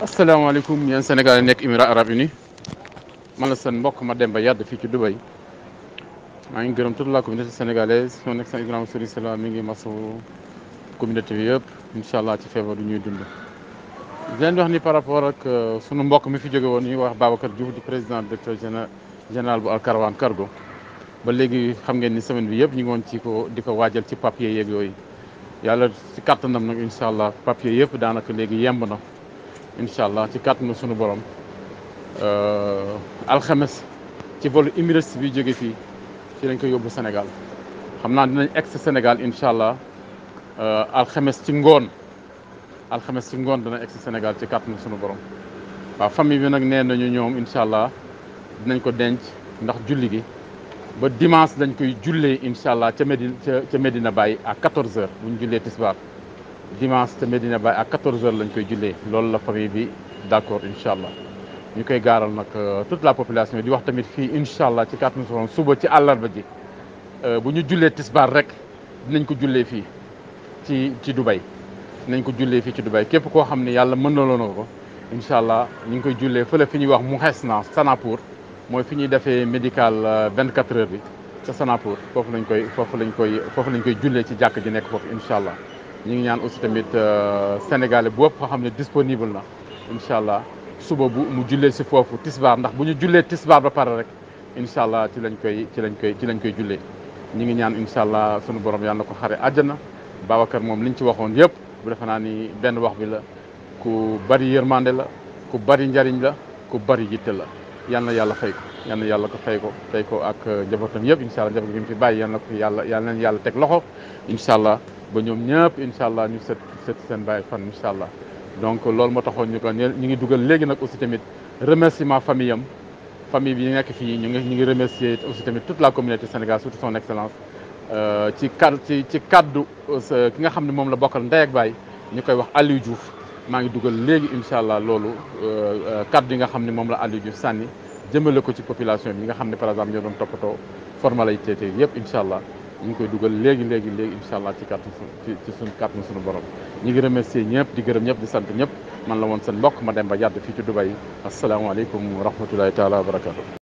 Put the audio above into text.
asalaamaaleykum yéen Sénégal nekk Émirats Arabes Unis man la seen mbokk ma Mademba Yade fii ci Dubaï maa ngi gërëm toute la communauté sénégalaise soo nekk seen Ibrahima Sori Sala mi ngi masu communauté bi yëpp incha allah ci feebar du ñuy dund. di leen ni par rapport ak euh, sunu mbokk mi fi jóge woon ñu wax Babacar Diouf di président directeur général bu Alcarawan Cargo ba léegi xam ngeen ni semaine bi yëpp ñu ngi woon ci ko di waajal ci papier yeeg yooyu yàlla ci kàttanam nag incha allah yëpp daanaka léegi yemb na. incha allah ci kàttanu sunu borom euh, alxemes ci vol Emirates bi jóge fii ci dañ ko yóbbu Sénégal xam naa dinañ egg Sénégal incha allah euh, alxames ci ngoon alxames ci ngoon dana egg Sénégal ci kàttanu sunu borom waaw famille bi nag nee nañu ñoom incha allah dinañ ko denc ndax julli gi ba dimanche dañ koy jullee incha allah ca Medina ca Medina Baye à 14h bu ñu jullee tisbaar dimanche te Medina Baye ak 14h lañu koy jullee loolu la famille bi d' accord incha allah ñu koy gaaral nag euh, toute la population di wax tamit fii incha allah ci kàttanu Soxna suba ci àllarba ji euh, bu ñu jullee tisbaar rek dinañ ko jullee fii ci ci Dubai dinañ ko jullee fii ci Dubai képp koo xam ne yàlla mën na loonoo ko incha allah ñu ngi koy jullee fële fi ñuy wax mu xees na Sanapour mooy fi ñuy defee médical 24 euh, heures bi ca Sanapour foofu lañ koy foofu lañ koy foofu lañ koy jullee ci jàkk ji nekk foofu incha allah ñu ngi ñaan aussi tamit euh, sénégalais bu ëpp xam ne disponible na incha allah suba bu mu jullee si foofu tisbaar ndax bu ñu jullee tisbaar ba pare rek incha allah ci lañ koy ci lañ koy ci lañ koy jullee ñu ngi ñaan incha allah sunu borom yàlla na ko xare àjjana Babacar moom liñ ci waxoon yëpp bu defe naa ni benn wax bi la ku bari yërmande la ku bari njariñ la ku bari yitte la yal yàlla fay ko yal na yàlla ko fay ko fay ko ak euh, njabootam yëpp incha allah njaboot gi mu fi yàlla yal yàlla teg loxo incha allah ba ñoom ñëpp incha allah ñu set set seen bàyyi fan incha allah donc loolu moo tax ñu ko ñu ngi dugal léegi nag aussi tamit remerciement famille am famille bi nekk fii ñu ngi ñu ngi remercier aussi tamit toute la communauté Sénégal surtout son excellence euh, ci kad ci ci kaddu euh, ki nga xam ne moom la bokkal ndey ak baay ñu koy wax Aliou Diouf maa ngi dugal léegi incha allah loolu kaddu yi nga xam ne moom la Aliou Diouf sànni jëmale ko ci population bi nga xam ne par exemple ñoo doon toppatoo formalité yi yëpp incha allah ñu ngi koy dugal léegi léegi léegi incha allah ci kàttan suñu ci suñu kàttan suñu borom ñu ngi remercier ñëpp di gërëm ñëpp di sant ñëpp man la woon seen mbokk ma dem ba yàdd fii ci Dubaï asalaamaaleykum wa rahmatulahi taala wa barakatu